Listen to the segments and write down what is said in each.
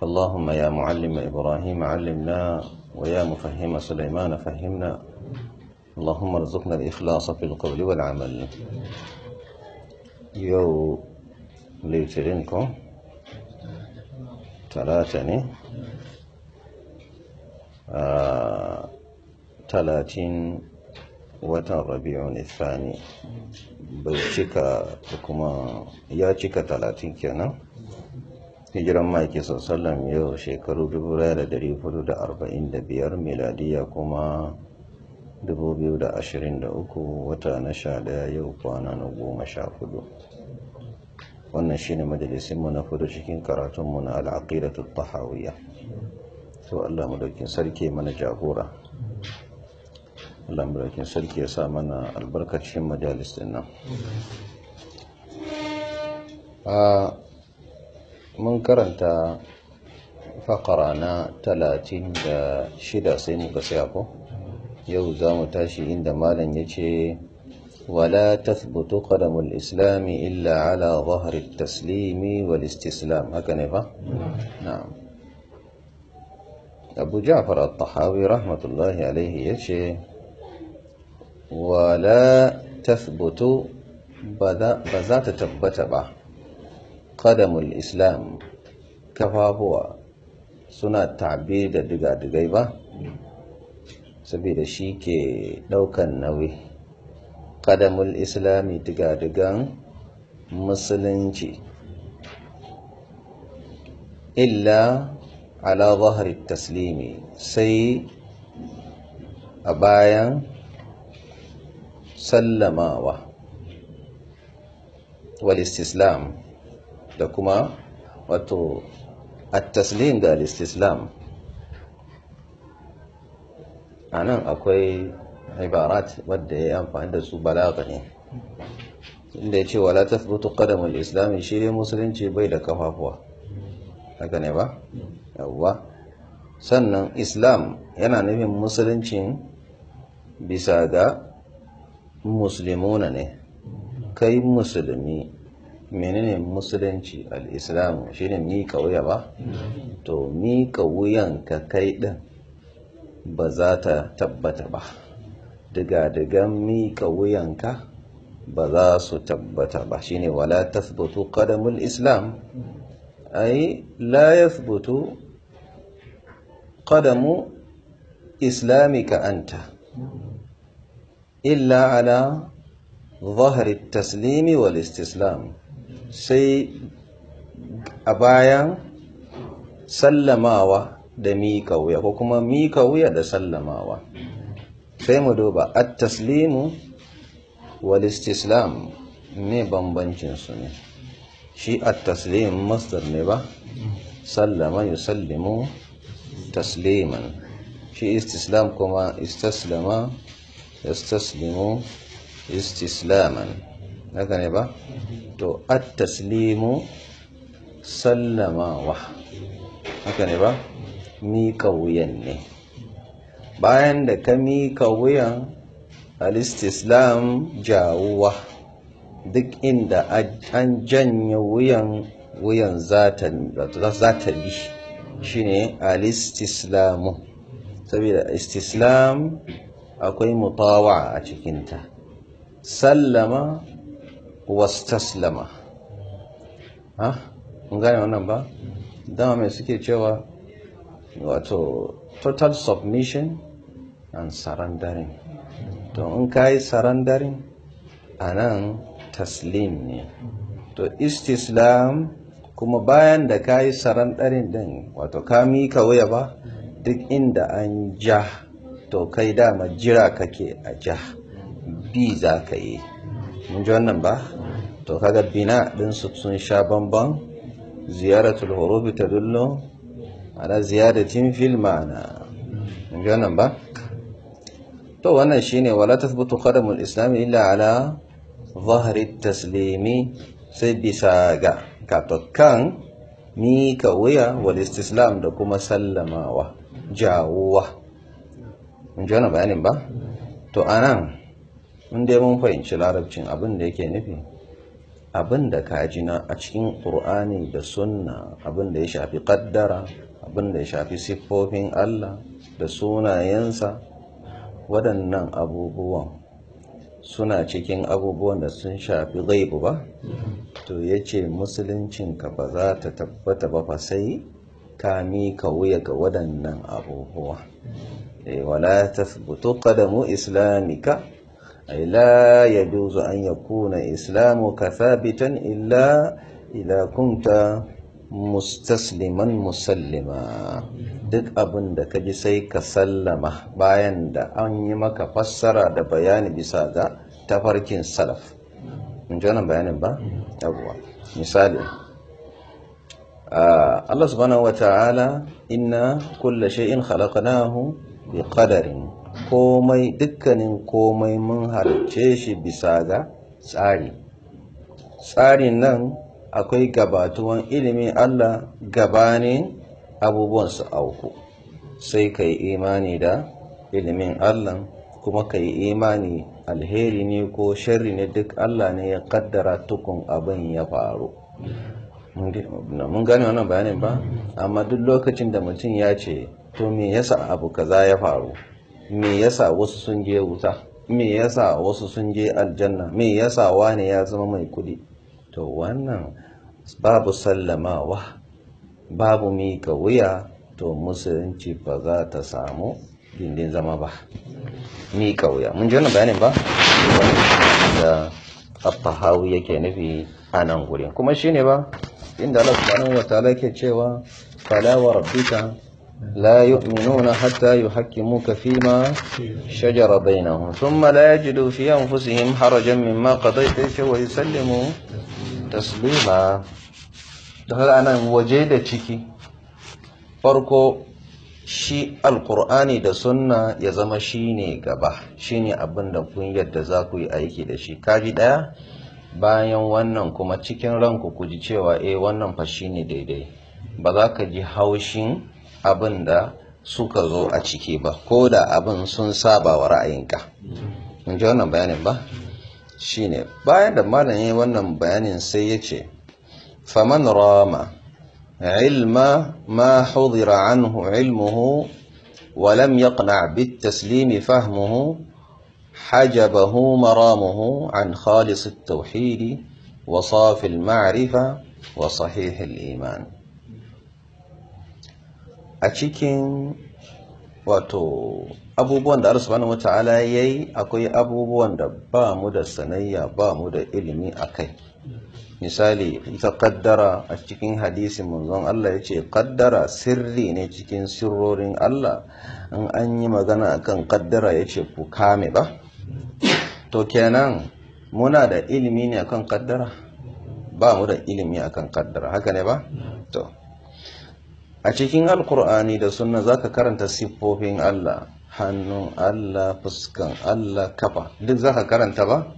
فاللهم يا معلم إبراهيم علمنا ويا مفهم سليمان فهمنا اللهم ارزقنا الإخلاص في القول والعمل يو ليترينكو تلاتني تلاتين وتن ربيع الثاني بل bai تكما يا ya تلاتين talatin hijiran maki sallam yau shekaru 1445 miladiya kuma 2023 wata na sha daya yau kwana na goma sha hudu wannan shine majalisinmu na hudu cikin karatunmu na al'aqidatu tahawiyya to Allah madaukin sarki mana jagora Allah madaukin sarki ya sa mana albarkacin majalis din nan ah, mun karanta fakara na talatin da shida sai muka saya ko yau za mu tashi inda malam ya ce wala tathbutu kadamul islami illa ala zahri taslimi wal istislam haka ne ba na'am abu ja'far at-tahawi rahmatullahi alaihi yace wala tathbutu ba za ta tabbata ba qadamul islam kafafuwa suna tabi da diga-digai ba saboda shi ke daukan nauyi qadamul islami diga-digan musulunci illa ala zahari taslimi sai a bayan sallamawa wal istislam da kuma wato at-taslim da al-istislam anan akwai ibarat wadda ya amfani da su balaga ne inda ya ce wala tathbutu qadamul islami shi ne musulunci bai da kafafuwa haka ne ba yawwa sannan islam yana nufin musuluncin bisa ga musulmuna ne kai musulmi menene musulunci al'islam shi ne miƙa wuya ba to miƙa wuyan ka kai ɗin ba za ta tabbata ba diga-digan miƙa wuyanka ba za su tabbata ba shi ne wala tasbutu ƙadamul islam ai la yasbutu ƙadamu islamika an ta? illa ala ظهر التسليم والاستسلام sai a bayan sallamawa da miƙa wuya ko kuma miƙa wuya da sallamawa sai mu duba at-taslimu wal istislam ne bambancin su ne shi at-taslim masdar ne ba sallama yusallimu tasliman shi istislam kuma istaslama yastaslimu istislaman haka ne ba to at-taslimu sallamawa haka ne ba miƙa wuyan ne bayan da ka miƙa wuyan al-istislam jawuwa duk inda an janye wuyan wuyan za ta bi shine al-istislamu saboda istislam akwai mutawa a cikinta sallama wastaslama ha mun gane wannan ba dama mai suke cewa wato total submission and surrendering to in ka yi surrendering a nan taslim ne to istislam kuma bayan da ka yi surrendering din wato ka mika wuya ba duk inda an ja to kai dama jira kake a ja bi za ka yi mun ji wannan ba to kaga bina din su sun sha bamban ziyaratul hurufi tadullu ala ziyadatin fil ma'ana ganan ba to wannan shine wala tathbutu qadamul islami illa ala zahri taslimi sai bisa ga katokan mika wal istislam da kuma sallamawa jawuwa mun ji bayanin ba to anan in dai mun fahimci larabcin abin da yake nufi abin da ka ji na a cikin ƙur'ani da sunna abin da ya shafi ƙaddara abin da ya shafi siffofin Allah da sunayensa waɗannan abubuwan suna cikin abubuwan da sun shafi gaibu ba to ya ce musuluncinka ba za ta tabbata ba fa sai ka mika wuya ga waɗannan abubuwa eh, wala ta mu islamika أي لا يجوز أن يكون إسلامك ثابتا إلا إذا كنت mustasliman musallima duk abin da ka ji sai ka sallama bayan da an yi maka fassara da bayani bisa ga tafarkin salaf in ji wannan bayanin ba? yawwa misali Allah subhanahu wa ta'ala inna kulla shay'in khalaqnahu bi qadarin komai dukkanin komai mun halarce shi bisa ga tsari tsarin nan akwai gabatuwan ilimin Allah gabanin abubuwan su auku sai ka yi imani da ilimin Allah kuma ka yi imani alheri ne ko sharri ne duk Allah ne ya kaddara tukun abin ya faru mun gane wannan bayanin ba amma duk lokacin da mutum ya ce to me yasa abu kaza ya faru me yasa wasu sun je wuta me yasa wasu sun je aljanna me yasa wani ya zama mai kudi to wannan babu sallamawa babu mika wuya to musulunci ba za ta samu dindin zama ba mika wuya mun ji wannan bayanin ba da Abba hawu yake nufi a nan gurin kuma shine ba inda Allah subhanahu wataala cewa falawar wa لا يؤمنون حتى يحكموك فيما شجر بينهم ثم لا يجدوا في أنفسهم حرجا مما قضيت ويسلموا تسليما daga anan waje da ciki farko shi alkur'ani da sunna ya zama shine gaba shine abin da kun yadda za ku yi aiki da shi kaji daya bayan wannan kuma cikin ranku ku ji cewa eh wannan fa shine daidai ba za ka ji haushin abin da suka zo a ciki ba ko da abin sun saba wa ra'ayinka mun ji wannan bayanin ba shine bayan da malam yayin wannan bayanin sai ya ce faman rama ilma ma hudira anhu ilmuhu wa lam yaqna bit taslimi fahmuhu حجبه مرامه عن خالص التوحيد وصافي المعرفة وصحيح الإيمان a cikin wato abubuwan da ala subhanahu wata'ala ya yi akwai abubuwan da ba mu da sanayya ba mu da ilimi a kai misali ita kaddara a cikin hadisi manzon Allah ya ce kaddara sirri ne cikin sirrorin Allah in an yi magana kan kaddara ya ce ku kame ba to kenan muna da ilimi ne akan kaddara ba mu da ilimi akan kaddara haka ne ba to a cikin alkur'ani da sunna zaka karanta siffofin Allah hannun Allah fuskan Allah kafa duk zaka karanta ba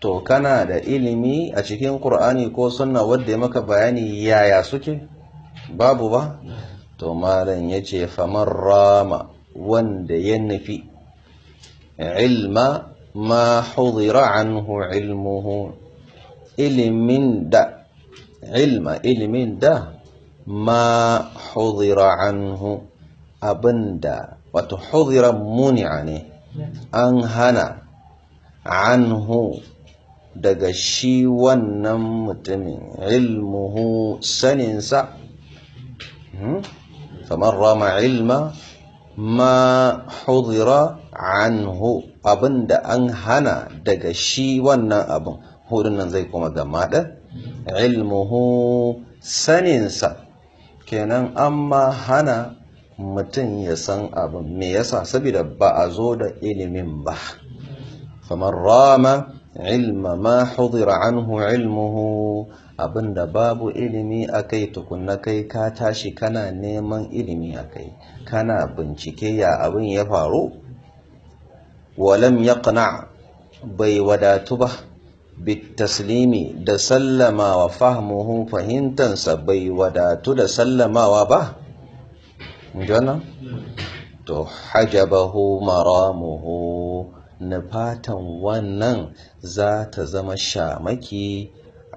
to kana da ilimi a cikin ƙur'ani ko sunna wanda maka bayani yaya suke babu ba to malam ce famar rama wanda ya nufi ilma ma hudira anhu ilmuhu ilimin da ilma ilimin da ma hudira anhu abinda wato hudira muni'a ne an hana anhu daga shi wannan mutumin ilmuhu saninsa kamar hmm? rama ilma ma huzira anhu abinda an hana daga shi wannan abin hudun nan zai kuma gama da ilmuhu saninsa kenan an ma hana mutum ya san abin me yasa saboda ba a zo da ilimin ba Kamar rama ilma ma hudira anhu ilmuhu abinda babu ilimi a kai tukunna kai ka tashi kana neman ilimi a kai, kana bincike ya abin ya faru walam yaqna bai wadatu ba bitaslimi da sallamawa fahmuhu fahimtansa bai wadatu da sallamawa ba inji to hajabahu maramuhu fatan wannan za ta zama shamaki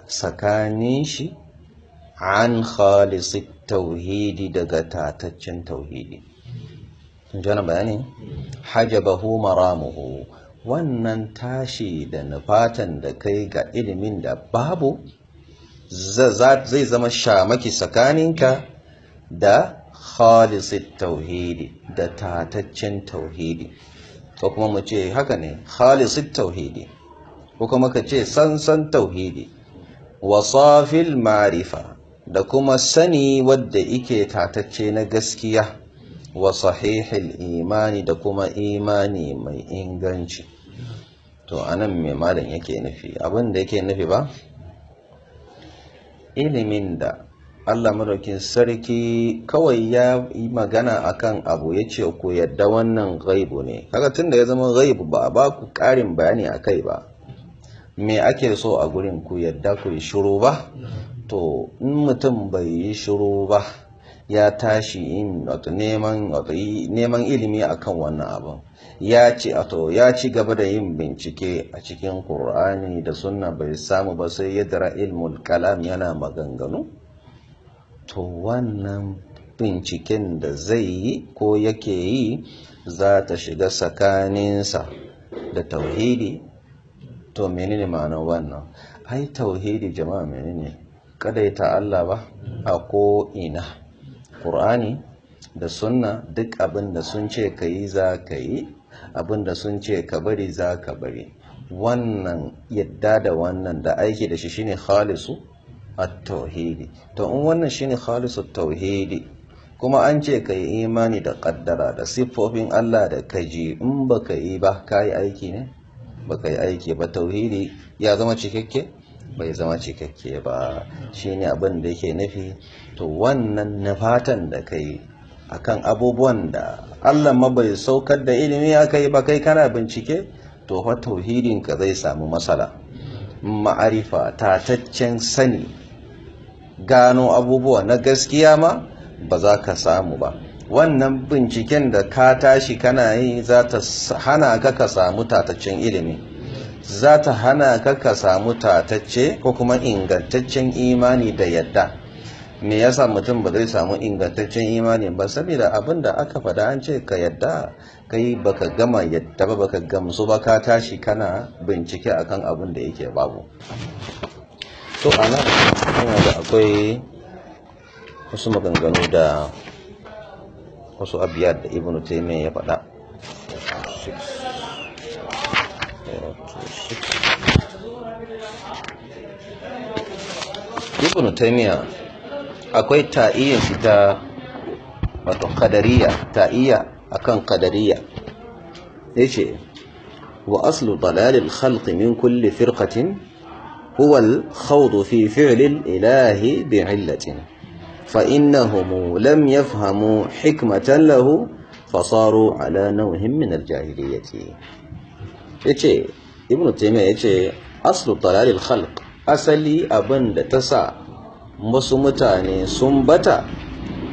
tsakanin shi an khalisi tauhidi daga tataccen tauhidi inji bayani maramuhu wannan tashi da nufatan da kai ga ilimin da babu zai zama shamaki tsakaninka da khalisit tauhidi da tataccen tauhidi ko kuma mu ce haka ne khalisit tauhidi ko kuma ka ce sansan tauhidi wasafil marifa da kuma sani wadda ike tatacce na gaskiya wa sahihil imani da kuma imani mai inganci to anan mai malam yake nufi abin da yake nufi ba ilimin da Allah madaukin sarki kawai ya yi magana akan abu ya ce ku yadda wannan gaibu ne kaga tun da ya zama gaibu ba ba ku karin bayani a kai ba me ake so a gurin ku yadda ku yi shiru ba to in mutum bai yi shiru ba ya tashi yin neman ilimi akan wannan abin ya ci ya ci gaba da yin bincike a cikin Ƙur'ani da sunna bai samu ba sai ya dara ilmul kalam yana maganganu to wannan binciken da zai yi ko yake yi za ta shiga tsakaninsa da tauhidi to menene ma'anar wannan ai tauhidi jama'a menene kada ta Allah ba a ko ina alkur'ani da sunna duk abin da sun ce ka yi za ka yi abin da sun ce ka bari za ka bari wannan yadda da wannan da aiki da shi shine khalisu at-tauhidi to in wannan shine khalisu at-tauhidi kuma an ce ka yi imani da kaddara da siffofin Allah da kaji in baka yi ba kai aiki ne baka yi aiki ba tauhidi ya zama cikakke bai zama cikakke ba shine abin da yake nufi to wannan nufatan da ka yi a kan abubuwan da allah mabai saukar da ilimi aka yi ba kai kana bincike to fa ka zai samu matsala ma'arifa tataccen sani gano abubuwa na gaskiya ma ba za ka samu ba wannan binciken da ka tashi kana yi za ta hana ka ka samu tataccen ilimi za ta hana ka ka samu tatacce ko kuma ingantaccen imani da yadda me yasa mutum ba zai samu ingantaccen imani ba saboda abin da aka faɗa an ce ka yadda kai baka gama yadda ba baka gamsu ba ka tashi kana bincike akan abin da yake babu to ana yana da akwai wasu maganganu da wasu abiyar da ibnu taimiyya ya faɗa ibnu akwai ta'iyya shi ta wato qadariya ta'iyya akan qadariya yace wa aslu dalal al-khalq min kulli firqatin huwa al-khawd fi fi'l al ilahi bi 'illatin fa innahum lam yafhamu hikmatan lahu fasaru ala nawhim min al-jahiliyyati yace ibnu taymiya yace aslu dalal al-khalq asali abin da ta sa wasu mutane sun bata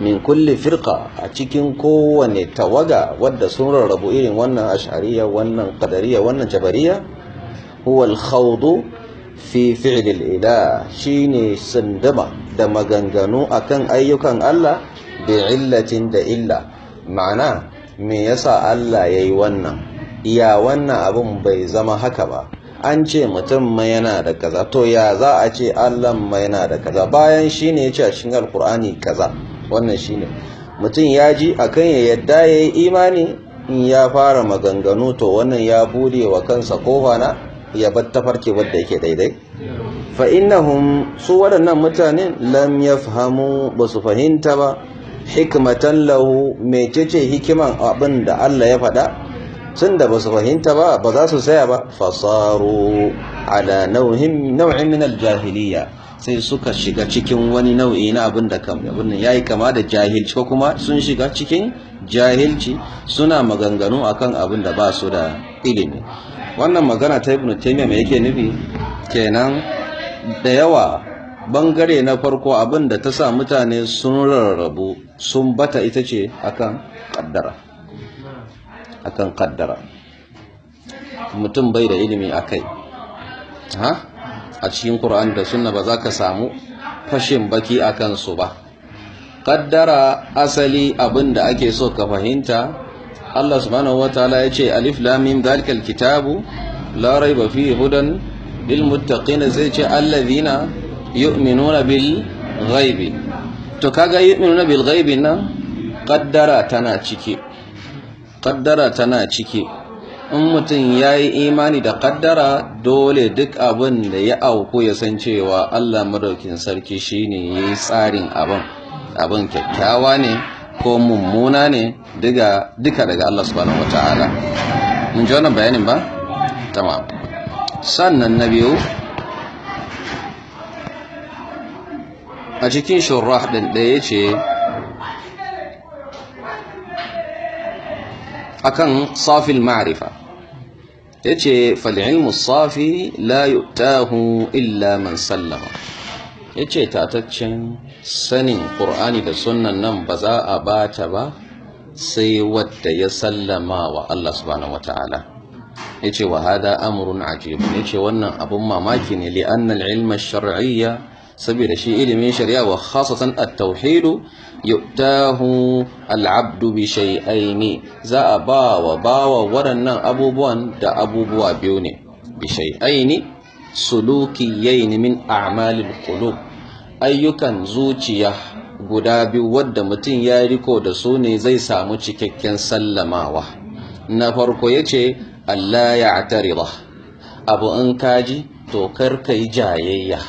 min kulli firka a cikin kowane tawaga wadda sun rarrabu irin wannan ash'ariya wannan qadariya wannan jabariya huwa al fi fi'l al shine sindama da maganganu akan ayyukan Allah bi illatin da illa ma'ana me yasa Allah yayi wannan iya wannan abun bai zama haka ba an ce mutum ma yana da kaza to ya za a ce Allah ma yana da kaza bayan shi ne ya ce a cikin alkur'ani kaza wannan shi ne. mutum ya ji akan ya yadda ya yi imani in ya fara maganganu to wannan ya bude wa kansa kofa na ya bar farke wadda yake daidai fa innahum su waɗannan mutanen lam ya ba su fahimta ba hikmatan lahu mecece hikiman abin da Allah ya faɗa tun da ba su fahimta ba ba za su saya ba fasaru ala nau'in min aljahiliya sai suka shiga cikin wani nau'i na abin da ya yayi kama da jahilci ko kuma sun shiga cikin jahilci suna maganganu akan abin da ba su da ilimi wannan magana ta ibnu taymiya mai yake nufi kenan da yawa bangare na farko abin da ta sa mutane sun rarrabu sun bata ita ce akan kaddara akan kaddara mutum bai da ilimi akai ha a cikin Qur'an da Sunna ba za ka samu fashin baki akan su ba kaddara asali abin da ake so ka fahimta Allah subhanahu wataala ce, alif lam mim zalikal kitabu la raiba fi hudan lil muttaqin ce allazina yu'minuna bil ghaibi to kaga yu'minuna bil ghaibi nan qaddara tana ciki kaddara tana ciki in mutum ya yi imani da kaddara dole duk abin da ya auku ya san cewa allah madaukin sarki shine ya yi tsarin abin abin kyakkyawa ne ko mummuna ne duka daga allah subhanahu wata'ala mun ji wannan bayanin ba? tamam sannan na biyu a cikin shurrah ɗin ɗaya ce akan safil ma'rifa yace fal ilmu safi la yu'tahu illa man sallama yace tataccen sanin ƙur'ani da sunan nan ba za a bata ba sai wadda ya sallama wa Allah subhanahu wataala yace wa hada amrun Ya yace wannan abun mamaki ne li anna al shar'iyya saboda shi ilimin shari'a wa khasatan at-tauhid yutahu al-abdu bi shay'aini za a ba wa bawa waɗannan abubuwan da abubuwa biyu ne bi shay'aini sulukiyaini min a'malil qulub ayyukan zuciya guda biyu wadda mutum ya riko da su ne zai samu cikakken sallamawa na farko yace Allah ya abu in kaji to kar yi jayayya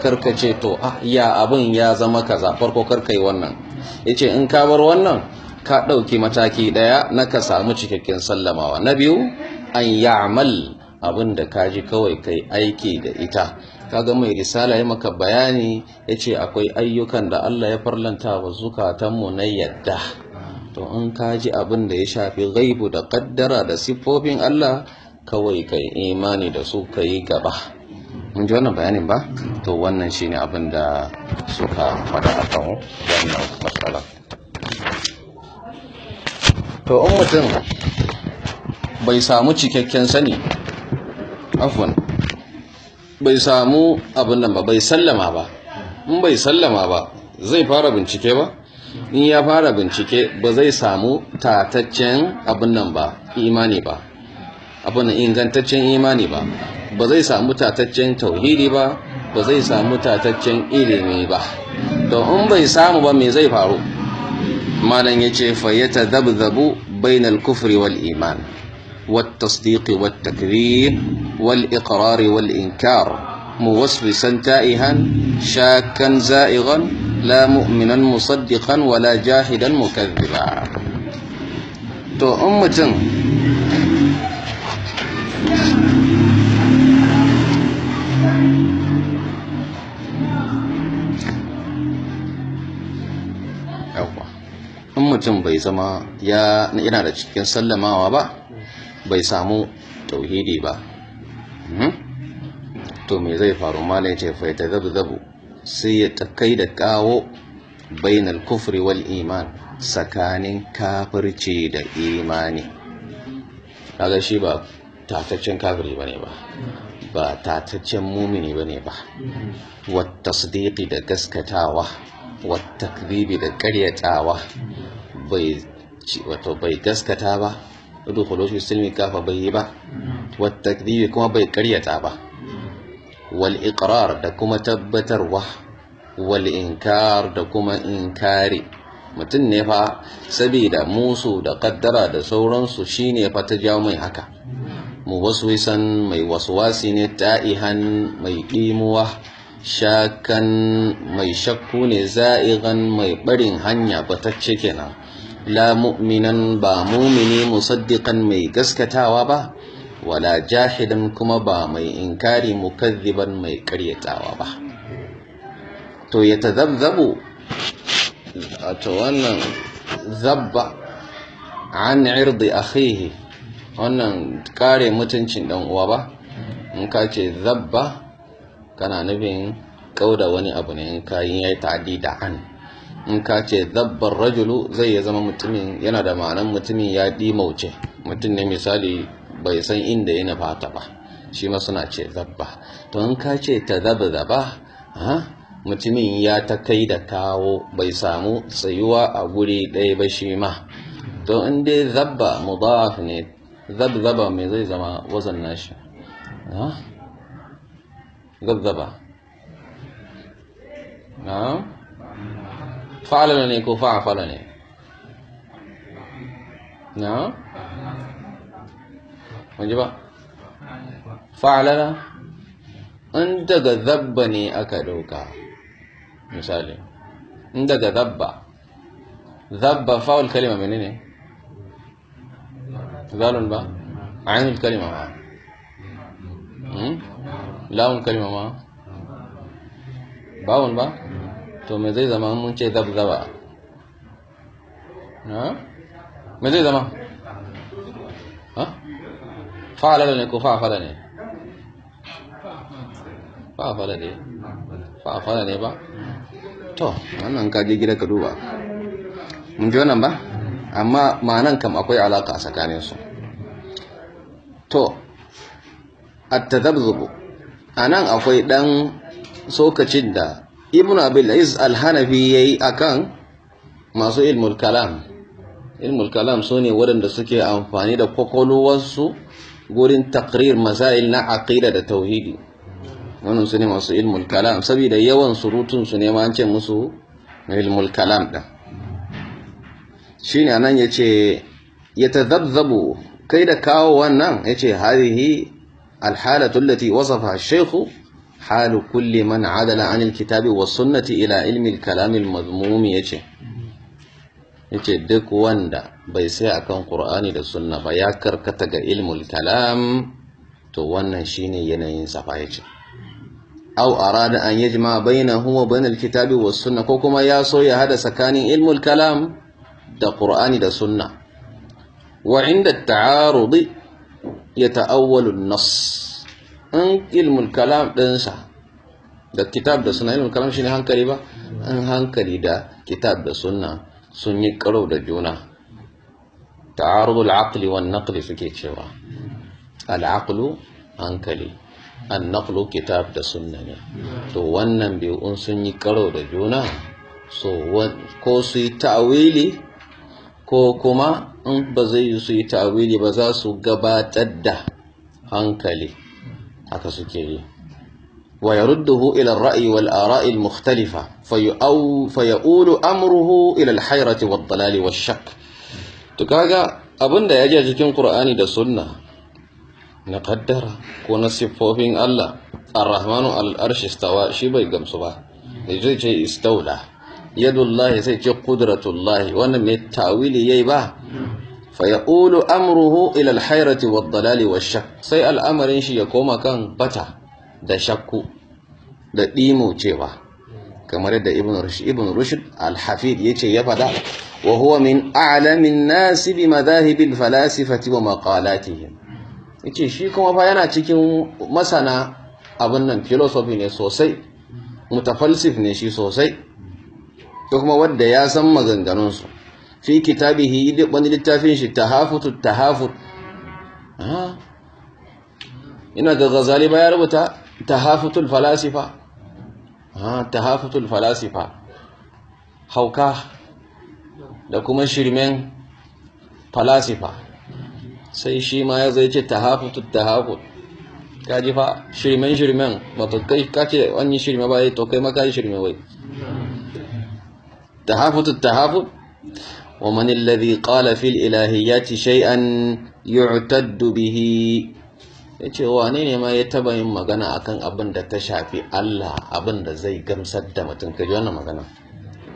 karka ce to ah ya abin ya zama kaza farko karka yi wannan yace in ka bar wannan ka ɗauki mataki ɗaya na ka samu cikakken sallamawa na biyu an ya'mal abin da ka ji kawai kai aiki da ita kaga mai risala ya maka bayani yace akwai ayyukan da Allah ya farlanta wa zukatanmu na yadda to in ka ji abin da ya shafi ghaibu da qaddara da siffofin Allah kawai kai imani da su kai gaba mun ji wannan bayanin ba to wannan shi ne abin da suka faɗa akan wannan matsala to in mutum bai samu cikakken sani afon bai samu abin nan ba bai sallama ba in bai sallama ba zai fara bincike ba in ya fara bincike ba zai samu tataccen abin nan ba imani ba abin ingantaccen imani ba ba zai samu tataccen tauhidi ba ba zai samu tataccen ilimi ba to in bai samu ba me zai faru malan yace fayyata dabdabu bainal kufr wal iman wat tasdiqi wat takrir wal iqrar wal inkar موسوسا تائها شاكا زائغا لا مؤمنا مصدقا ولا جاهدا مكذبا تو أمة mutum bai zama ya yana da cikin sallamawa ba bai samu tauhidi ba hmm? to me zai faru malam ce fa ta zabu sai ya takai da kawo bainal kufri wal iman tsakanin kafirci da imani kaga shi ba tataccen kafiri bane ba ba tataccen mumini bane ba wat da gaskatawa wata takdhibi da karyatawa bai wato bai gaskata ba wato fi silmi kafa bai yi ba mm-hmm. Wata takdiri kuma bai karyata ba mm-hmm. wal iqrar da kuma tabbatarwa wal da kuma inkari mutum ne fa saboda musu da kaddara da sauransu shine fa ta jawo mai haka mm-hmm. mu waswisan mai waswasi ne ta'ihan mai ɗimuwa shakan mai shakku ne za'igan mai barin hanya batacce kenan la mu'minan ba mumini musaddiqan mai gaskatawa ba wala jahidan kuma ba mai inkari mukazziban mai karyatawa ba to ya tazabzabu to wannan zabba an irdi akhihi wannan kare mutuncin dan uwa ba in ka ce zabba kana nufin kauda wani abu ne in ka yi ta'addi da an in ka ce dabbar rajulu zai ya zama mutumin yana da ma'anan mutumin ya ɗi mauce mutum ne misali bai san inda yana fata ba shi ma suna ce zabba to in ka ce ta zaba mutumin ya ta kai da kawo bai samu tsayuwa a guri ɗaya ba shi ma to in dai zabba mudaf ne zaba mai zai zama wazan nashi فعل لا نيكو فعل لا نعم مجبا فعل لا انت غذبني اكدوكا مثال انت غذب ذب فاول كلمه منين قالوا با عين الكلمه ما لام الكلمه ما باون با to me zai zama mun ce zabzaba me zai zama fa'ala ne ko fa'ala ne fa'ala ne fa'ala ne ba to wannan ka je gida ka duba mun ji wannan ba amma ma'anan kam akwai alaka a tsakaninsu to at-tadabzubu anan akwai dan sokacin da ibn abil al-hanafi yayi akan masu ilmul kalam ilmul kalam sune waɗanda suke amfani da kokolowarsu gurin takrir masail na aqida da tauhidi wannan sune masu ilmul kalam saboda yawan surutun su ne ma an ce musu ilmul kalam din shine anan yace yatadabzabu kai da kawo wannan yace hadhihi al-halatu allati wasafa ash-shaykh halu kulli man adala anil kitabi wa sunnati ila ilmi kalamil mazmumi yace yace duk wanda bai sai akan qur'ani da sunna ba ya karkata ga ilmul kalam to wannan shine yanayin safa yace aw arada an yajma bainahu wa bainal kitabi was sunna ko kuma ya soya hada tsakanin ilmul kalam da Kur'ani da sunna wa inda at-ta'arud yata'awwalu an-nass an ilmul kalam ɗinsa da kitab da suna ilmul kalam shi ne hankali ba An hankali da kitab da suna sun yi karo da juna ta'arudul aqli wa naqli suke cewa al hankali an naqlu kitab da suna ne to wannan biyu sun yi karo da juna so ko su yi ta'awili ko kuma in ba zai yi su yi ta'awili ba za su gabatar da hankali haka suke yi wa yarudduhu ila ar-ra'yi wal ara'i al-mukhtalifa fayau fayaqulu amruhu ila al-hayrati wad-dalali wash-shakk to kaga abinda je cikin Qur'ani da Sunna na qaddara ko na sifofin Allah ar-rahmanu al-arshi istawa shi bai gamsu ba zai ce istawla yadullahi sai ce qudratullahi wannan ne tawili yayi ba fayaqulu amruhu ila hairati wa dalali wa shak. sai al'amarin shi ya koma kan bata da shakku da dimo cewa kamar yadda ibn rushid ibn al-hafid yace ya fada wa huwa min a'lamin nas bi madahib falasifati wa Ya ce shi kuma fa yana cikin masana abin nan philosophy ne sosai mutafalsif ne shi sosai ko kuma wanda ya san maganganunsu. fi kitabihi wani littafin shi tahafutu tahafut ina ga ghazali ba ya rubuta tahafutul falasifa tahafutul falasifa hauka da kuma shirmen falasifa sai shi ma ya zai ce tahafutul Ka ji fa shirmen shirmen matakai kace wani shirme ba ya eh, yi to kai maka shirme wai tahafutul tahafut ومن الذي قال في الإلهيات شيئا يعتد به yace wane ne ma ya taba yin magana akan abin da ta shafi Allah abin da zai gamsar da mutum kaji wannan magana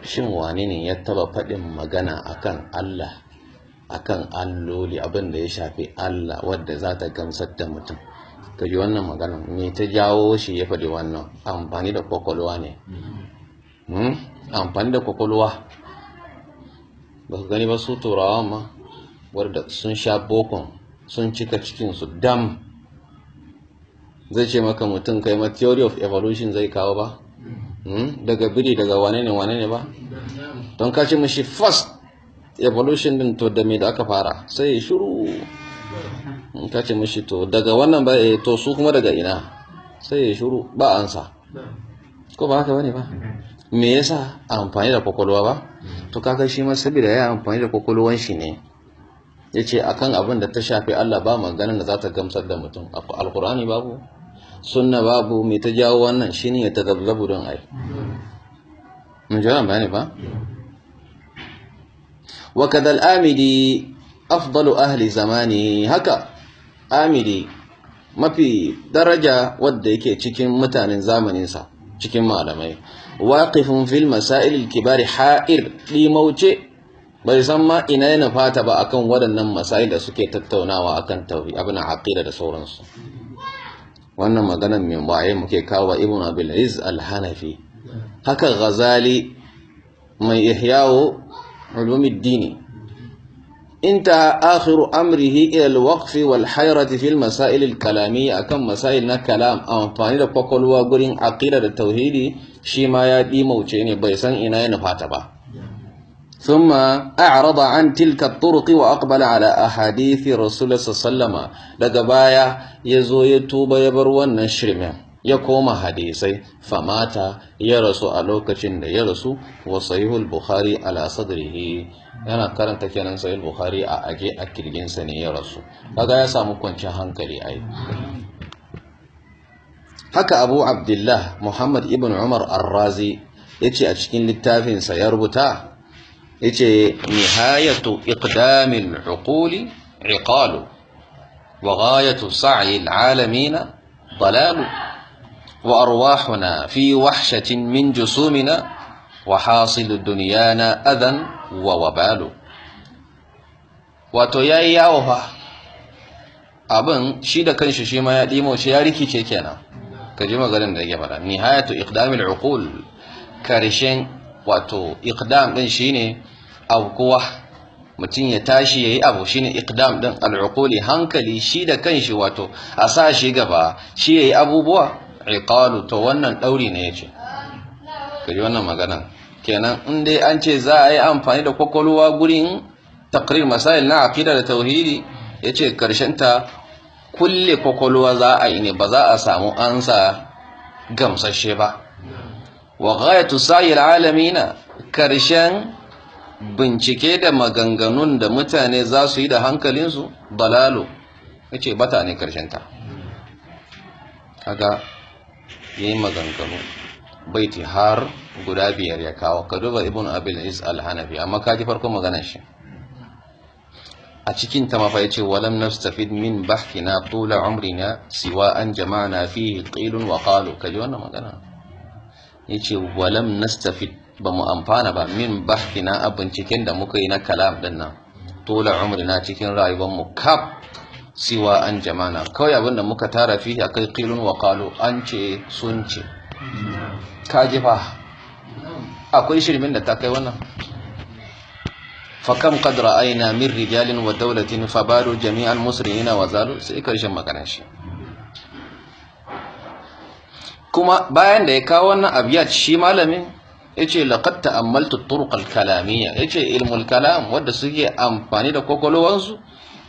shin wane ne ya taba faɗin magana akan Allah akan alloli abin da ya shafi Allah wadda za ta gamsar da mutum Ka ji wannan magana me ta jawo shi ya faɗi wannan amfani da kwakwalwa ne amfani da kwakwalwa ba ku gani ba su turawa ma wadda sun sha bokon sun cika cikinsu dam zai ce maka mutum kai ma theory of evolution zai kawo ba hmm? daga biri daga wane ne wane ne ba don kaci mashi first evolution din to da mai da aka fara sai shuru kaci mashi to daga wannan ba eh, to su kuma daga ina sai shuru ba ansa ko ba haka bane ba me yasa amfani da kwakwalwa ba to kaga shi ma saboda ya amfani da kwakwalwan shi ne yace akan abin da ta shafi Allah ba maganin da za ta gamsar da mutum alkurani babu sunna babu mai ta jawo wannan shi ya ta don ai mun ba bayani ba wa kadal amidi afdalu ahli zamani haka amidi mafi daraja wanda yake cikin mutanen zamaninsa cikin malamai Waƙifin في المسائل الكبار حائر لي bai san ma ina yana fata ba akan waɗannan masai da suke tattaunawa akan tauri abin aqida da sauransu wannan maganar mai baye muke kawo wa ibnu abdulaziz al-hanafi haka ghazali mai ihyao ulumuddin inta akhiru amrihi ila al-waqf wal-hayrat fi al-masail al akan masail na kalam amfani da kokolwa gurin aqida da tauhidi shi ma ya mauce ne bai san ina ya nufata ba ثم أعرض عن تلك الطرق وأقبل على أحاديث رسول صلى الله عليه daga baya ya zo ya tuba ya bar wannan shirmen ya koma hadisai famata ya rasu a lokacin da ya rasu wa sahihul bukhari ala sadrihi yana karanta kenan sahihul bukhari a aje a kirginsa ne ya rasu kaga ya samu kwanci hankali ai haka abu abdullah muhammad ibn umar arrazi ya ce a cikin littafinsa ya rubuta ya ce nihayatu iqdamin uquli iqalu wa ghayatu sa'i alamina dalalu wa arwahuna fi wahshatin min jusumina wa hasilu dunyana adan wa wabalu wato yayi yawo fa abin shi da kanshi shi ma ya dimo shi ya rikice kenan ka ji da nihayatu iqdamil uqul karshen wato iqdam din shine abkuwa mutum ya tashi yayi abu shine iqdam din al-uquli hankali shi da kanshi wato a sa shi gaba shi yayi abubuwa iqalu to wannan dauri ne yace kaji wannan magana kenan in dai an ce za a yi amfani da kwakwalwa gurin takrir masail na aqida da tauhidi yace karshen ta kulle kwakwalwa za a yi ne ba za a samu ansa gamsashe ba wa ghayatu sayil alamina karshen bincike da maganganun da mutane za su yi da hankalinsu balalo yace bata ne karshen ta kaga yayin maganganu baiti har guda biyar ya kawo ka duba ibn abil is al-hanafi amma kaji farkon maganar shi a cikin ta mafa yace walam nastafid min bahthina tula umrina siwa an jama'na fihi qilun wa qalu kaje wannan magana yace walam nastafid ba mu amfana ba min bahthina a binciken da muka yi na kalam din nan tula umrina cikin rayuwar mu kaf siwa an jama'na kawai abin da muka tara fi akai qilun wa qalu an ce sun ce kaji fa akwai shirmin da ta kai wannan fakam kadra aina min rijalin wa daulatin fabaru Jami'an musrina na zalu sai karshen magana shi kuma bayan da ya kawo wannan abiyat shi malamin yace laqad ta'ammaltu turuq kalamiya kalamiyya yace ilmul kalam wadda suke amfani da ce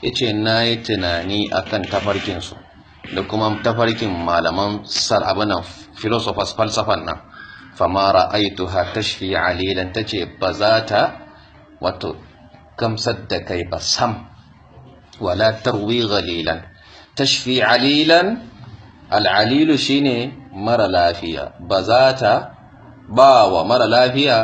yace nayi tunani akan tafarkin su da kuma tafarkin malaman sar abinan falsafan nan famara ra'aytuha tashfi alilan tace bazata wato gamsar da kai ba sam wala tarwi galilan tashfi alilan al'alilu shine mara lafiya ba za ta ba wa mara lafiya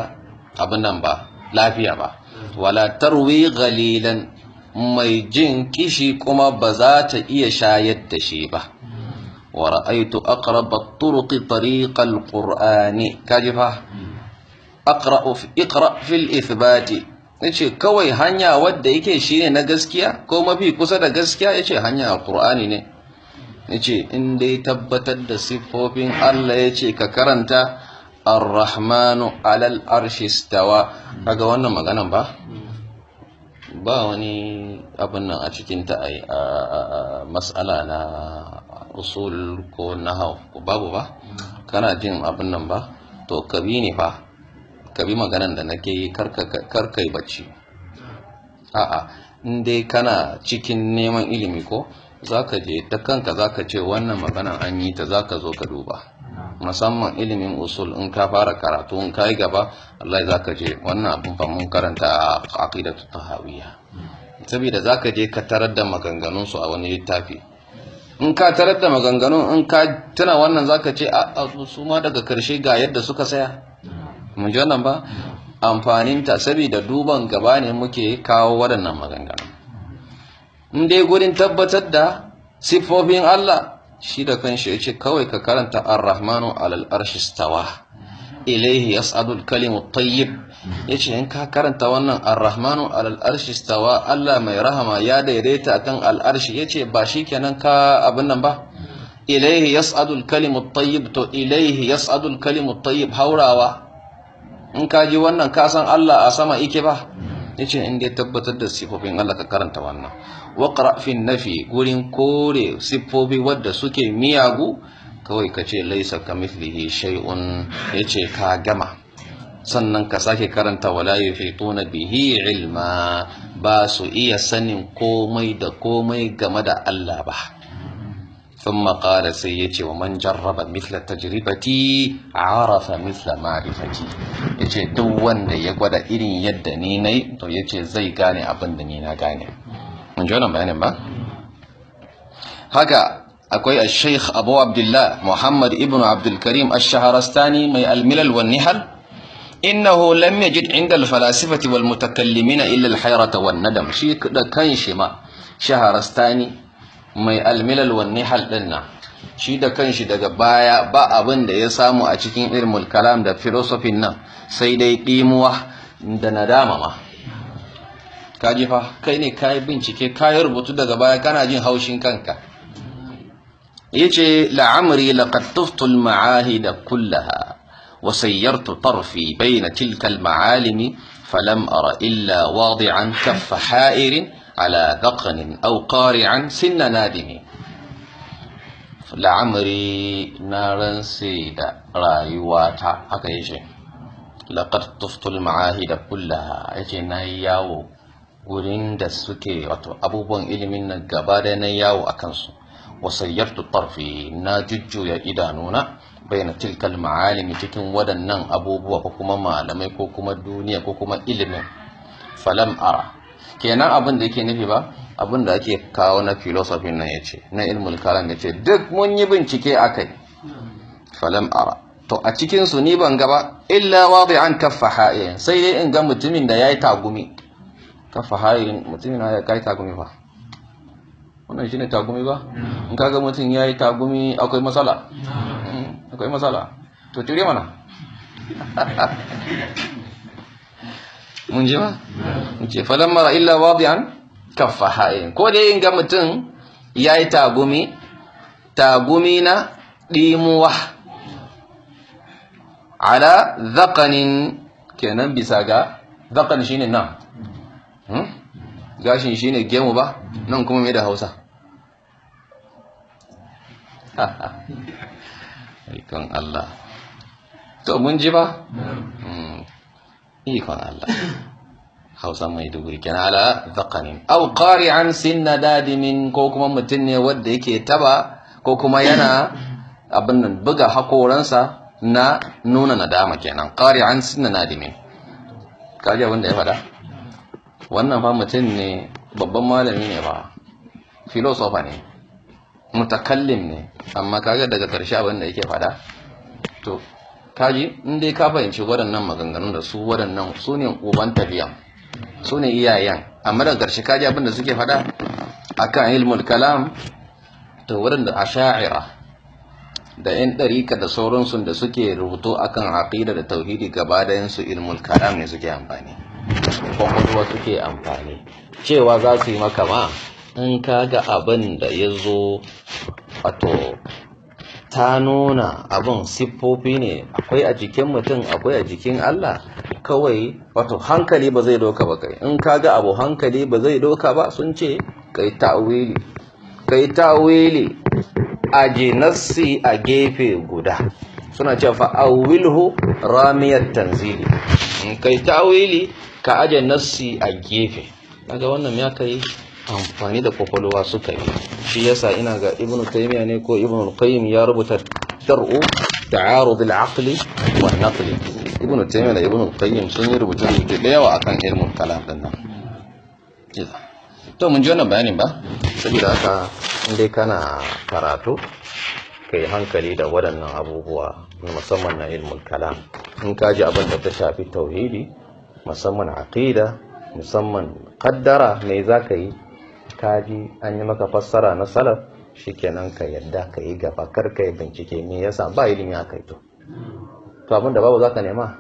abin nan ba lafiya ba wala tarwi galilan mai jin kishi kuma ba za ta iya shayar da shi ba wa ra'aytu aqraba turuqi tariqa alqur'ani kaji fa اقرا في اقرا في الاثبات Ya ce, kawai hanya wadda yake ne na gaskiya ko mafi kusa da gaskiya Ya ce, hanya ƙura'ani ne Ya ce, in dai tabbatar da siffofin Allah ya ce ka karanta arrahmanu rahmanu alal arshistawa stawa kaga wannan maganan ba ba wani abin nan a cikin ta a mas'ala na usul ko hau. babu ba kana jin abin nan ba to kabi ne ba. ka bi maganan da nake yi karkai bacci a'a in dai kana cikin neman ilimi ko Za ka je ta kanka za ka ce wannan maganan an yi ta ka zo ka duba musamman ilimin usul in ka fara karatu in ka yi gaba Allah ka je wannan abin famun karanta a ta hawiya saboda ka je ka tarar da maganganun su a wani littafi in ka tarar da maganganun in ka tuna wannan za ka ce a su ma daga karshe ga yadda suka saya mun ji wannan ba amfaninta saboda duban gaba ne muke kawo waɗannan maganganu in dai gurin tabbatar da siffofin Allah shi da kanshi yace kawai ka karanta ar-rahmanu alal arshi stawa ilayhi yas'adu al-kalimu tayyib yace in ka karanta wannan ar-rahmanu alal arshi stawa Allah mai rahama ya daidaita akan al-arshi yace ba shikenan ka abin nan ba ilayhi yas'adu al-kalimu tayyib to ilayhi yas'adu al-kalimu tayyib haurawa in ka ji wannan kasan Allah a sama ike ba Ya ce in dai tabbatar da sifofin Allah ka karanta wannan na fi nafi gurin kore sifofi wadda suke miyagu kawai ka ce laisa kamithlihi shay'un ce ka gama sannan ka sake karanta wala yuhituna bihi ilma ba su iya sanin komai da komai game da Allah ba ثم قال سيتي ومن جرب مثل تجربتي عرف مثل معرفتي yace duk wanda ya gwada irin yadda ni nayi to yace zai gane abin da ni na gane mun ji wannan bayanin ba haka akwai al-Sheikh Abu Abdullah Muhammad ibn Abdul Karim al-Shahrastani mai al-Milal hal Nihal innahu lam yajid inda al-falasifati wal mutakallimina illa al-hayrata wan nadam shi da kanshi ma Shahrastani mai almilal wan nihal nan shi da kanshi daga baya ba abin da ya samu a cikin ilmul kalam da filosofin nan sai dai dimuwa da nadama ma kaji fa kai ne kayi bincike kayi rubutu daga baya kana jin haushin kanka yace la'amri laqad tuftu al kullaha wa sayyartu tarfi bayna tilkan maalimi falam ara illa wadi'an kaff ha'irin على ذقن أو قارعا سن نادم لعمري نارا سيدا رايواتا haka yace laqad tuftu al-ma'ahida kullaha yace nayi yawo gurin da suke wato abubuwan ilimin nan gaba da na yawo a kansu wasayyartu tarfi na jujjuya idanuna bayan tilkal ma'alimi cikin waɗannan abubuwa ko kuma malamai ko kuma duniya ko kuma ilimin falam ara kenan abin da yake nufi ba abin da ake kawo na filosofin nan ya ce, na ilmul kalam ce. duk mun yi bincike a kai. falam ara to a cikin su ni ban gaba illa an kaffa ha'in sai dai in ga mutumin da yayi tagumi kaffa ha'in mutumin ya kai tagumi ba wannan shine tagumi ba in ka ga mutum yayi tagumi akwai matsala akwai matsala to tire mana mun ji ba ce mara illa wadi'an kafa ha'in ko dai in ga mutum ya yi tagumi tagumi na ɗimuwa ala zakanin kenan bisa ga shi ne nan gashin shi ne gemu ba nan kuma me da Hausa Ha ha, ikon Allah to mun ji ba ikon Allah hausa mai duguri kenan ala zaqanin aw qari'an sinna ko kuma mutum ne wanda yake taba ko kuma yana abin buga hakoransa na nuna nadama kenan qari'an sinna nadimin kaje wanda ya fada wannan fa mutum ne babban malami ne ba philosopher ne mutakallim ne amma kaga daga karshe abin da yake faɗa? to kaji in dai ka fahimci waɗannan maganganun da su waɗannan su ne uban tafiya su ne iyayen amma da ƙarshe kaji abin da suke faɗa kan ilmul kalam to waɗanda asha'ira da yan ɗarika da sauransu da suke rubuto akan aƙida da tauhidi gaba da yansu ilmul kalam ne suke amfani kwakwalwa suke amfani cewa za su yi maka ma in ka ga abin da ya zo wato ta nuna abin siffofi ne akwai a jikin mutum akwai a jikin Allah kawai wato hankali ba zai doka ba kai in kaga abu hankali ba zai doka ba sun ce kai ta'wili kai ta'wili a jinassi a gefe guda suna ce fa'awilhu Ramiyar tanzili in kai ta'wili ka aje nassi a gefe kaga wannan ya kai amfani da kwakwalwa suka yi shi yasa ina ga ibnu taymiya ne ko ibnu qayyim ya rubuta dar'u ta'arud al-aqli wa naqli ibnu taymiya da ibnu qayyim sun yi rubutu da yawa akan ilmin kalam din nan to mun ji wannan bayanin ba saboda haka indai kana karatu kai hankali da waɗannan abubuwa musamman na ilmin kalam in ka ji abin da ta shafi tauhidi musamman aqida musamman qaddara me za ka yi kaji an yi maka fassara na salaf shikenan ka yadda ka yi gaba kar ka yi bincike me yasa ba ilimi aka yi to to abin da babu zaka nema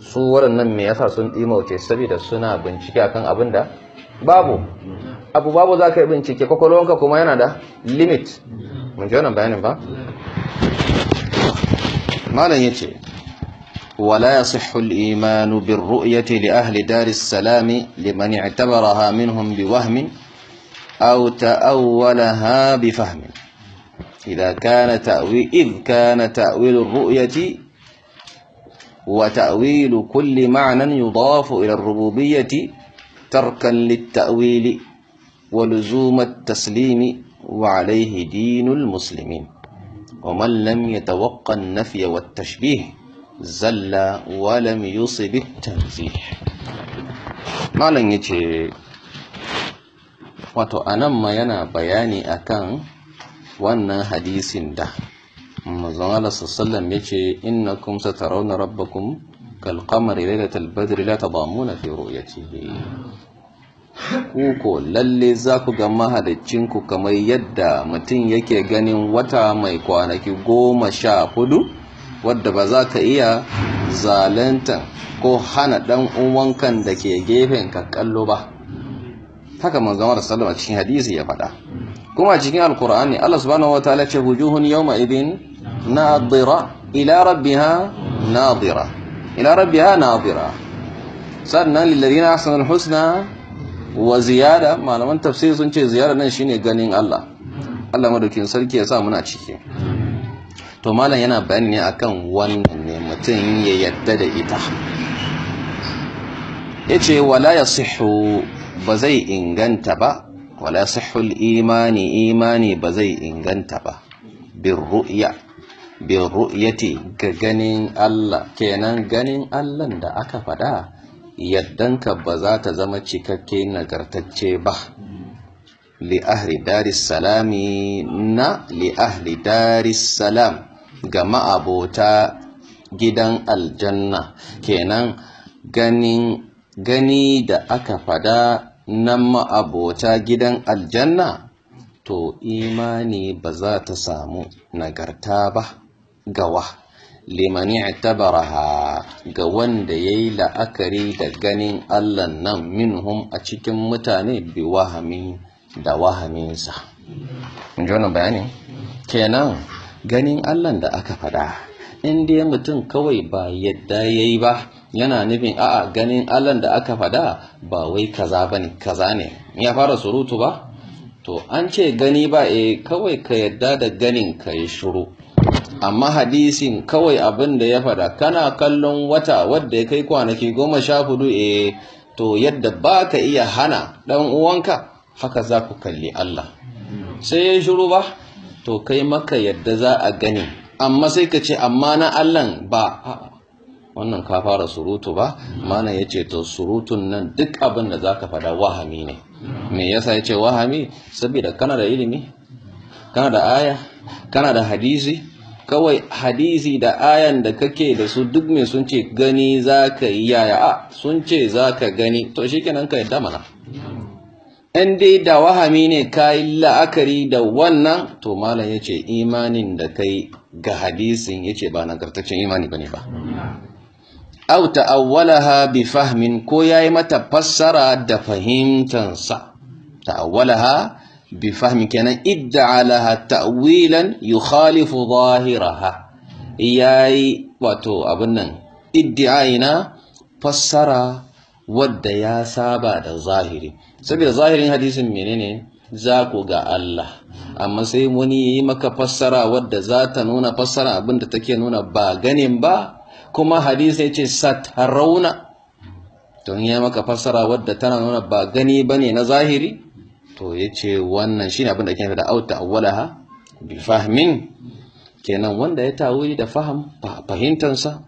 su waɗannan me yasa sun dimauce saboda suna bincike akan abin da babu abu babu zaka yi bincike kwakwalwanka kuma yana da limit mun ji wannan bayanin ba malam yace ولا يصح الإيمان بالرؤية لأهل دار السلام لمن اعتبرها منهم بوهم أو تأولها بفهم إذا كان تأويل إذ كان تأويل الرؤية وتأويل كل معنى يضاف إلى الربوبية تركا للتأويل ولزوم التسليم وعليه دين المسلمين ومن لم يتوقع النفي والتشبيه زل ولم يصب التنزيح ما لن يتشبه wato anan ma yana bayani akan wannan hadisin da manzon Allah sallallahu yace innakum satarawna rabbakum kal qamari lailatal badri la tadamuna fi ru'yatihi kuko lalle za ku ga ku kamar yadda mutum yake ganin wata mai kwanaki goma sha hudu wadda ba za ka iya zalanta ko hana ɗan uwankan da ke gefen ka kallo ba haka manzon Allah sallallahu alaihi cikin hadisi ya faɗa kuma cikin alqur'ani Allah subhanahu wataala ce wujuhun yawma idin nadira ila rabbiha nadira ila rabbiha nadira sannan lilladina ahsanul husna wa ziyada malaman tafsir sun ce ziyara nan shine ganin Allah Allah madaukin sarki ya sa muna ciki to malam yana bayani ne akan wannan ne mutum ya yadda da ita yace wala yasihu ba zai inganta ba wala sihul imani imani ba zai inganta ba bin ru'ya bin ru'yati ga ganin Allah kenan ganin Allah da aka faɗa yaddanka ba za ta zama cikakke nagartacce ba li ahli daris salami na li ahli daris salam ga ma'abota gidan aljanna kenan ganin gani da aka fada na ma'abota gidan aljanna to imani ba za ta samu nagarta ba gawa limani tabaraha ga wanda ya yi la'akari da ganin allan nan minhum a cikin mutane bi wahami da wahaminsa jona bayani kenan ganin allan da aka fada inda mutum kawai ba yadda ya yi ba yana nufin a'a ganin Allah da aka faɗa ba wai kaza bane kaza ne ya fara surutu ba to an ce gani ba eh kawai ka yadda da ganin ka yi shuru. amma hadisin kawai abin da ya fada kana kallon wata wadda ya kai kwanaki goma sha hudu eh to yadda ba ka iya hana ɗan uwanka haka za ku kalli Allah sai ya shuru ba to kai maka yadda za a gani amma sai ka ce amma na Allah ba wannan ka fara surutu ba mana ya ce to surutun nan duk abin da za ka fada wahami ne me yasa ya ce wahami saboda kana da ilimi kana da aya kana da hadisi kawai hadisi da ayan da kake da su duk mai sun ce gani za ka yi yaya a sun ce za ka gani to shi kenan ka yadda mana in dai da wahami ne ka yi la'akari da wannan to malam ya ce imanin da kai ga hadisin ya ce ba nagartaccen imani ba ne ba au ta'awwalaha bi fahmin ko yayi mata fassara da fahimtansa ta'awwalaha bi fahmi kenan idda'a ta'wilan yukhalifu zahiraha yayi wato abin nan iddi'aina fassara wadda ya saba da zahiri saboda zahirin hadisin menene za ku ga Allah amma sai wani yi maka fassara wadda za ta nuna fassara abinda take nuna ba ganin ba kuma hadisi ya ce satarauna don ya maka fassara wadda tana nuna ba gani ba ne na zahiri to ya ce wannan shi ne abin da ke da auta awwalaha bi fahmin kenan wanda ya tawuri da faham sa,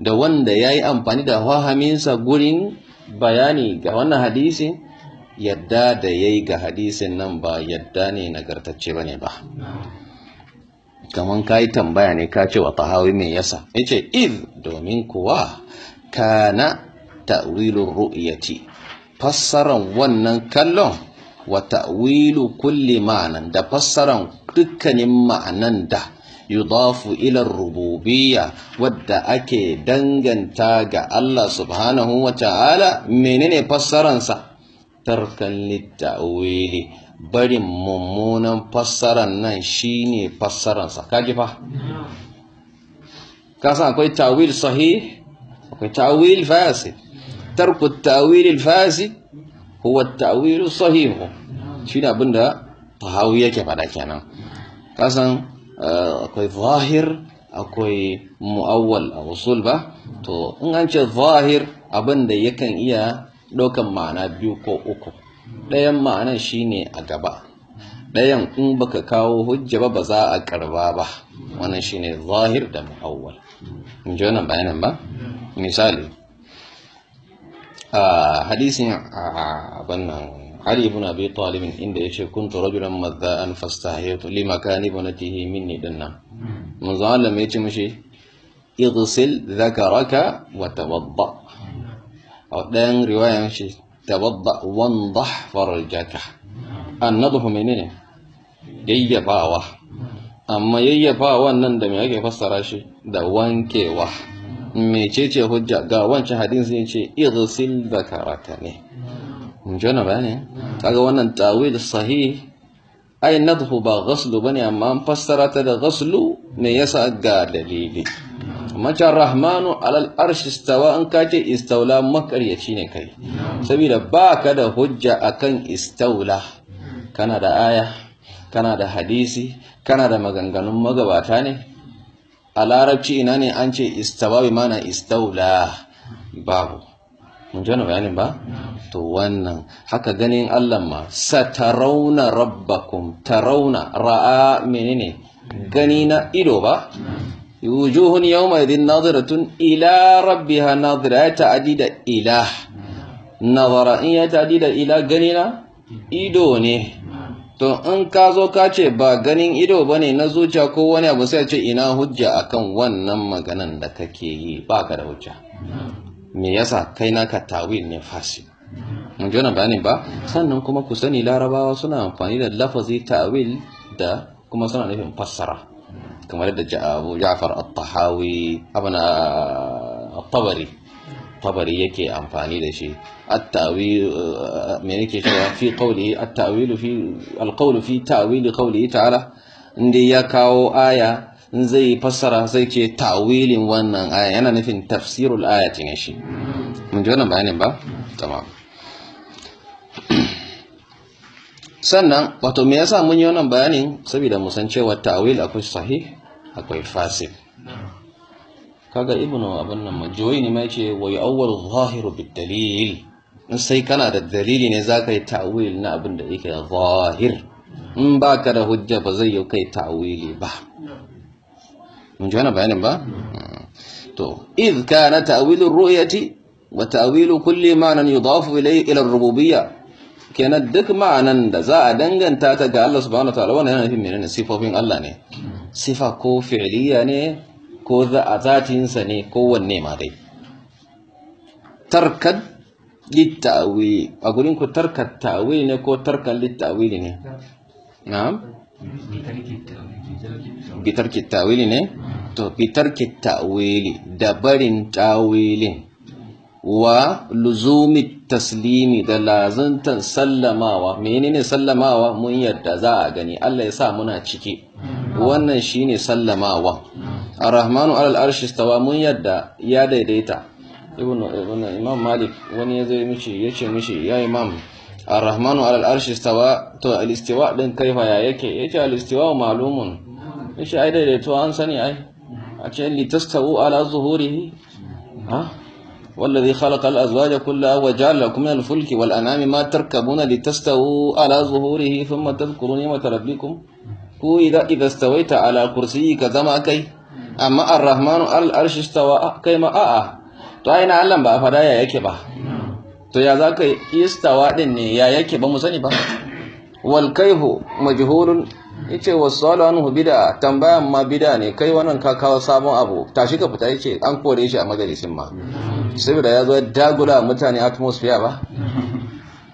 da wanda ya yi amfani da fahaminsa gurin bayani ga wannan hadisi yadda da ya yi ga hadisin nan ba yadda ne nagartacce ba ne ba kaman ka yi tambaya ne ka ce wa tahawi me yasa ya ce iz domin kuwa kana ta'wilun ru'yati fassaran wannan kallon wa ta'wilu kulli ma'anan da fassaran dukkanin ma'anan da yudafu ila rububiya wadda ake danganta ga Allah subhanahu wa ta'ala menene fassaransa tarkan litta'wili barin mummunan fassarar nan shine fassararsa kaji fa kasan akwai tawil sahih akwai tawil fasid tarku tawil fasid huwa tawil sahih shine abinda tahawi yake fada kenan kasan eh, akwai zahir akwai mu'awwal a usul ba to in an ce zahir abinda yakan iya ɗaukan ma'ana biyu ko uku ɗayan ma'anan shine a gaba ɗayan in baka kawo hujja ba ba za a karba ba wannan shine zahir da mu'awwal in ji wannan bayanin ba misali a hadisin a bannan Ali ibn Abi Talib inda yace kuntu rajulan madda'an fastahiyatu lima kana ibnatihi minni dinna manzo Allah me yace mishi igsil dhakaraka wa tawadda a ɗayan riwayan shi tawadda wandah farjaka annadhu menene yayyafawa amma yayyafawa nan da me ake fassara shi da wankewa mecece hujja ga wancan hadisi ne ce irsil zakaraka ne mun bane kaga wannan tawil sahih ai nadhu ba ghaslu bane amma an fassara ta da ghaslu ne yasa ga dalili macen rahmanu alal arshi istawa an kace istaula makaryaci ne kai saboda baka da hujja akan istaula kana da aya kana da hadisi kana da maganganun magabata ne a larabci ina ne an ce istawa bi mana istaula babu mun ji bayanin ba to wannan haka ganin Allah ma satarauna rabbakum tarauna ra'a menene gani na ido ba wujuhun yawma idhin nadiratun ila ha nazara ya ta'adi da ila nazara in ya ta'adi da ila gani na ido ne to in ka zo ka ce ba ganin ido ba ne na zuciya ko wani abu sai ce ina hujja akan wannan maganan da kake yi ba ka da hujja me yasa kai na ka tawil ne fasi mun ji wannan bayanin ba sannan kuma ku sani larabawa suna amfani da lafazi tawil da kuma suna nufin fassara kamar da abu ja'far at-tahawi uh, abana tabari tabari yake amfani da shi at-tawi uh, me yake cewa fi qawli at-tawilu fi al-qawlu fi ta'wili qawli ta'ala inda ya kawo aya in zai fassara zai ce ta'wilin wannan aya yana nufin tafsirul ayati ne shi mun ji wannan bayanin ba tamam sannan wato me yasa mun yi wannan bayanin saboda mu san cewa ta'wil akwai sahih akwai fasid kaga ibnu abin nan majoyi ne mai ce wai yawwal zahiru bid dalil in sai kana da dalili ne zaka yi ta'wil na abin da yake zahir in baka da hujja ba zai yi kai ta'wili ba mun ji wannan bayanin ba to id kana ta'wilur ru'yati wa ta'wilu kulli ma'nan yudafu ilayhi ila ar-rububiyyah kenan duk ma'anan da za a danganta ta ga Allah subhanahu wataala wannan yana nufin menene sifofin Allah ne sifa ko fi'liya ne ko zatinsa ne ko wanne ma dai tarkad littawi a gurin ku tarkad tawi ne ko tarkan littawi ne na'am bitarki tawili ne to bitarki tawili da barin tawilin wa luzumi taslimi da lazuntan sallamawa menene sallamawa mun yadda za a gani Allah ya sa muna ciki wannan shine sallamawa arrahmanu alal arshi stawa mun yadda ya daidaita ibnu imam malik wani ya zai mishi yace mishi ya imam arrahmanu alal arshi stawa to alistiwa din kaifa ya yake yace alistiwa malumun yace ai daidaito an sani ai a ce litastawu ala zuhurihi ha والذي خلق الأزواج كلها وجعل لكم من الفلك والأنعام ما تركبون لتستووا على ظهوره ثم تذكروا نعمة ربكم هو إذا استويت على كرسيك زما كي أما الرحمن الأرش استوى كيما آه to ai na Allah ba fada ya yake ba to ya zaka istawa din ne ya yake ba mu sani ba wal anhu bid'a tambayan ma bid'a ne kai wannan ka kawo sabon abu tashi ka fita yace an kore shi a majalisin ma saboda ya zo ya dagula mutane atmosphere ba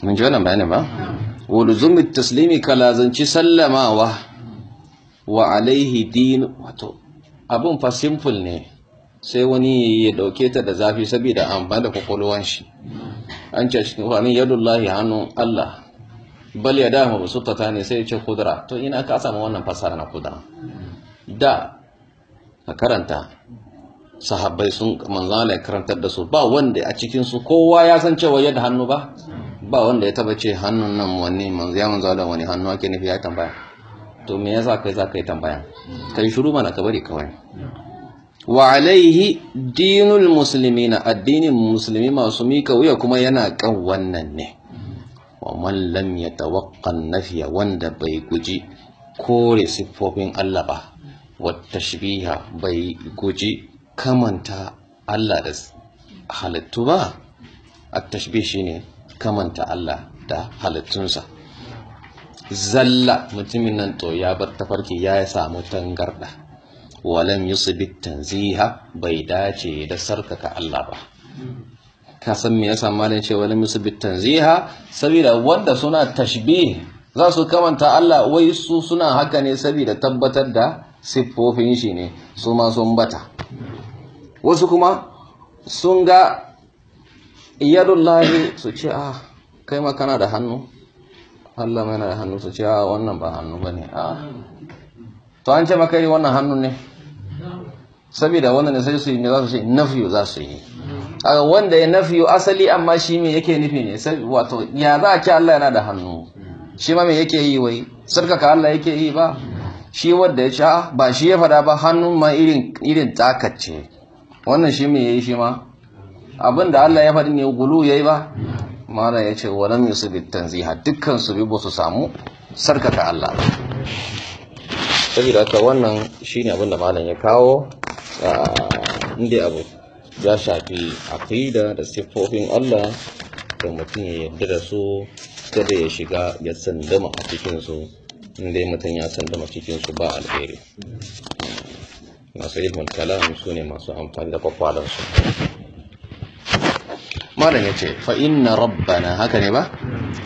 mun ji wannan bayanin ba taslimi التسليم كلازنci sallamawa wa alaihi din wato abun fa simple ne sai wani ya dauke ta da zafi saboda amfani da kokolwan shi an ce shi wani yadullahi hannun Allah bal ya dama ta ne sai ya ce kudura to ina ka samu wannan fasara na kudura da ka karanta sahabbai sun manzo Allah ya karantar da su ba wanda a cikin su kowa ya san cewa yadda hannu ba ba wanda ya taba ce hannun nan wani manzo ya manzo Allah wani hannu ake nufi ya tambaya to me yasa kai za yi tambaya kai shiru mana ka bari kawai wa alaihi dinul muslimina addinin musulmi masu mika wuya kuma yana kan wannan ne wa man lam yatawaqqan nafiya wanda bai guji kore siffofin Allah ba wa tashbiha bai guji kamanta Allah da halittu ba a tashbe shi ne kamanta Allah da halittunsa zalla mutumin nan to ya bar tafarki ya yi samu tangarda walam bitan tanziha bai dace da sarkaka Allah ba ka san me yasa malam ce walam bitan tanziha saboda wanda suna tashbe za su kamanta Allah wai su suna haka ne saboda tabbatar da siffofin shi ne su ma sun bata wasu kuma sun ga lahi su ce a ah, kai makana da hannu allama yana da hannu su ce a ah, wannan ba hannu ba ne a ah. to an ce makari eh, wannan hannu ne saboda wannan ne sai su yi ne za su ce nafiyu za su yi a wanda ya nafiyu asali amma shi mai yake nufi ne wato ya za a ce Allah yana da hannu shi ma mai yake yi wai sarkaka Allah yake yi ba shi wanda ya sha ba shi ya fada ba hannun ma irin takacce wannan shi ya yi shi ma abinda Allah ya faɗi ya gulu yi ba mara ya ce wa su yusib tanziha dukkan su bi ba su samu sarkaka Allah saboda aka wannan shi shine abinda malam ya kawo inda abu ya shafi aqida da siffofin Allah da mutum ya yarda da su kada ya shiga ya sandama a cikinsu. indai mutum ya san dama cikinsu ba alheri masu ilmin kalam su ne masu amfani da kwakwalansu malam ya ce fa'inna rabbana haka ne ba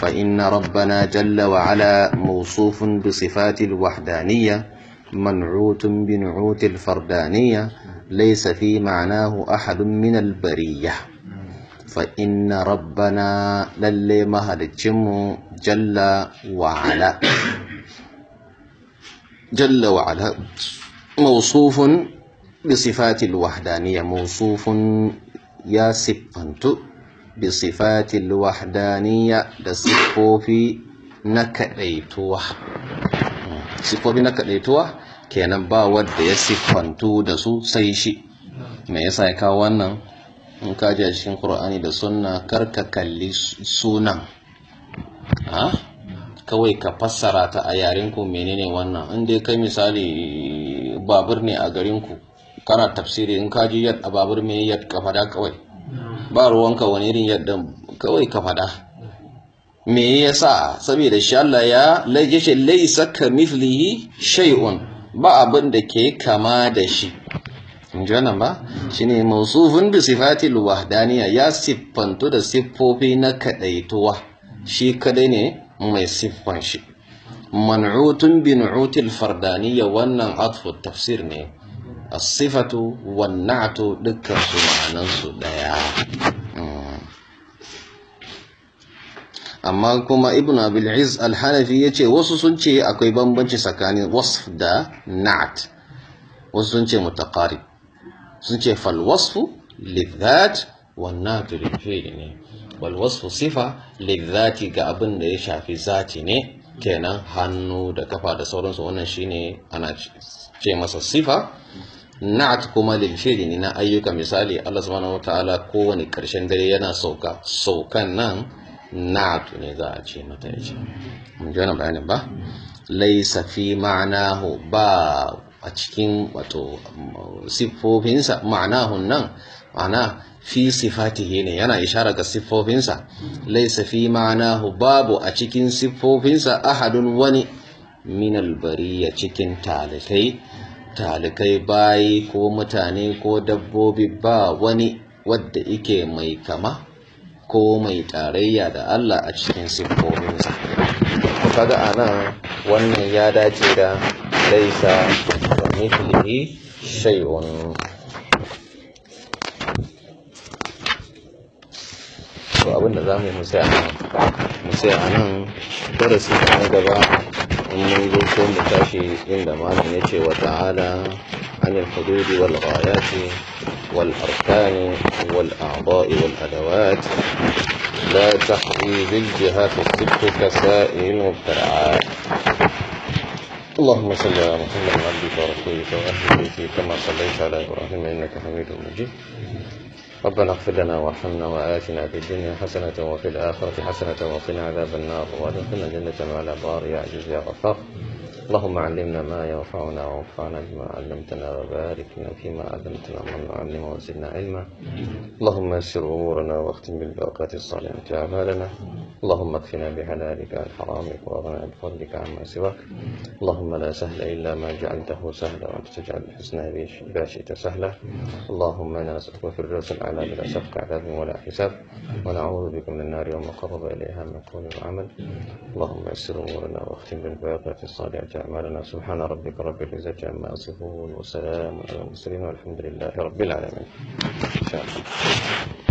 fa'inna rabbana jalla wa ala mausufin bi sifatil wahdaniyya man'utun bi nu'util fardaniyya laysa fi ma'anahu ahadun min albariyya فإن ربنا للي jalla wa ala. جل وعلا موصوف بصفات الوحدانية موصوف يا سبنت بصفات الوحدانية دسفوفي نكريتوه سفوفي نكريتوه كينا باود يا سبنتو دسو سيشي ما يسايكا وانا نكاجي القرآن دسونا كركا كالي سونا ها kawai ka fassara ta a yarenku menene wannan in dai kai misali babur ne a garinku kana tafsiri in ka ji yadda babur mai yadda ka fada kawai ba ruwanka wani irin yadda kawai ka fada me yasa saboda shi Allah ya laje laisa kamithlihi shay'un ba abin da ke kama da shi ji wannan ba shine mausufun bi sifatil wahdaniya ya siffantu da siffofi na kadaituwa shi kadai ne mai siffan shi man'utun bi nu'util fardaniyya wannan atfu tafsir ne as-sifatu wan na'tu dukkan su ma'anan su daya hmm. amma kuma ibnu abil iz al-hanafi yace wasu sun ce akwai bambanci tsakanin wasf da na'at wasu sun ce mutaqarib sun ce fal wasfu lidhat wan na'tu lil fi'l ne bal wasu sifa lizzati ga abin da ya shafi zati ne kenan hannu da kafa da sauransu wannan shine ana ce masa sifa na'at kuma lil ni na ayyuka misali Allah subhanahu wataala kowane karshen dare yana sauka saukan nan na'at ne za a ce mata yace mun ji wannan bayanin ba laysa fi ma'anahu ba a cikin wato um, sifofinsa ma'anahun nan ma'ana fi sifatihi ne yana ishara ga siffofinsa laisa fi hu, babu a cikin siffofinsa ahadun wani minal bariya cikin talikai talikai bayi ko mutane ko dabbobi ba wani wadda ike mai kama ko mai tarayya da Allah a cikin siffofinsa kaga anan wannan ya dace da laisa wa mithlihi shay'un to أنا za mu sai a nan mu sai a nan darasi na gaba in mun zo ko mu tashi inda malam ya wa ta'ala عن الحدود والغايات والأركان والأعضاء والأدوات لا تحوي بالجهات الست كسائر مبتلعات اللهم صل على محمد وعلى آله وأهل بيته كما صليت على إبراهيم إنك حميد مجيد ربنا اغفر لنا وارحمنا وآتنا في الدنيا حسنة وفي الآخرة حسنة وقنا عذاب النار وادخلنا الجنة مع الأبرار يا عزيز يا غفار اللهم علمنا ما ينفعنا وانفعنا بما علمتنا وبارك لنا فيما علمتنا علم وزدنا علما اللهم يسر امورنا واختم بالبركات الصالحة اعمالنا اللهم اكفنا بحلالك عن حرامك واغنى بفضلك عما سواك اللهم لا سهل الا ما جعلته سهلا وانت تجعل الحسنى اذا شئت سهلا اللهم انا نسالك في الرسل على بلا سبق عذاب ولا حساب ونعوذ بك من النار يوم قرب اليها من قول وعمل اللهم يسر امورنا واختم بالبركات الصالحة أعمالنا سبحان ربك رب العزة عما يصفون وسلام على المرسلين والحمد لله رب العالمين إن شاء الله